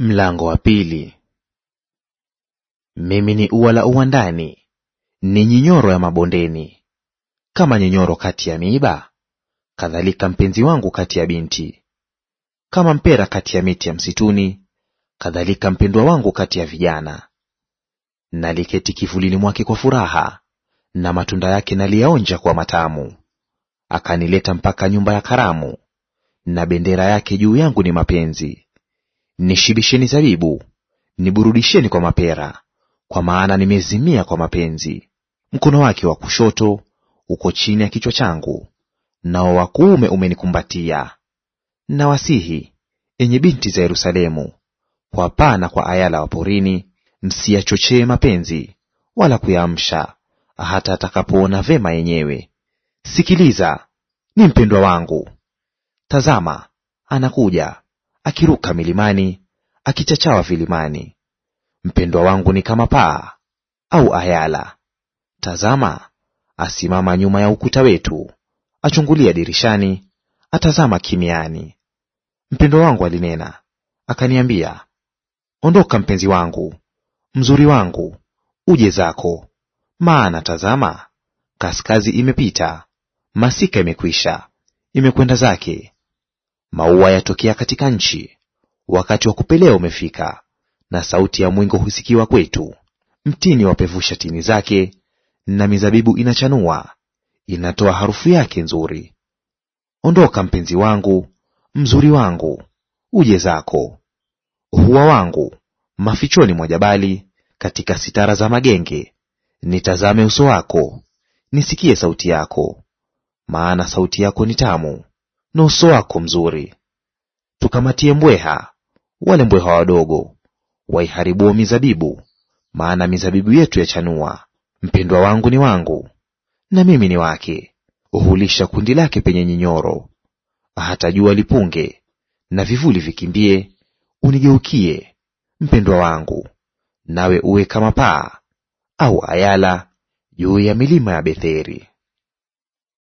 Mlango wa pili. Mimi ni ua la uwandani, ni nyinyoro ya mabondeni. Kama nyinyoro kati ya miiba, kadhalika mpenzi wangu kati ya binti. Kama mpera kati ya miti ya msituni, kadhalika mpendwa wangu kati ya vijana. Naliketi kivulini mwake kwa furaha, na matunda yake naliyaonja kwa matamu. Akanileta mpaka nyumba ya karamu, na bendera yake juu yangu ni mapenzi. Nishibisheni zabibu, niburudisheni kwa mapera, kwa maana nimezimia kwa mapenzi. Mkono wake wa kushoto uko chini ya kichwa changu, nao wa kuume umenikumbatia. Na wasihi enye binti za Yerusalemu, kwa paa na kwa ayala wa porini, msiyachochee mapenzi wala kuyaamsha, hata atakapoona vema yenyewe. Sikiliza, ni mpendwa wangu; tazama, anakuja akiruka milimani, akichachawa vilimani. Mpendwa wangu ni kama paa au ayala. Tazama, asimama nyuma ya ukuta wetu, achungulia dirishani, atazama kimiani. Mpendwa wangu alinena akaniambia, ondoka mpenzi wangu, mzuri wangu, uje zako. Maana tazama, kaskazi imepita, masika imekwisha, imekwenda zake, Maua yatokea katika nchi, wakati wa kupelea umefika, na sauti ya mwingo husikiwa kwetu. Mtini wapevusha tini zake, na mizabibu inachanua, inatoa harufu yake nzuri. Ondoka mpenzi wangu, mzuri wangu, uje zako. Hua wangu mafichoni mwa jabali, katika sitara za magenge, nitazame uso wako, nisikie sauti yako, maana sauti yako ni tamu na uso wako mzuri. Tukamatie mbweha, wale mbweha wadogo waiharibuo mizabibu, maana mizabibu yetu yachanua. Mpendwa wangu ni wangu, na mimi ni wake; hulisha kundi lake penye nyinyoro. Hata jua lipunge na vivuli vikimbie, unigeukie, mpendwa wangu, nawe uwe kama paa au ayala juu ya milima ya Betheri.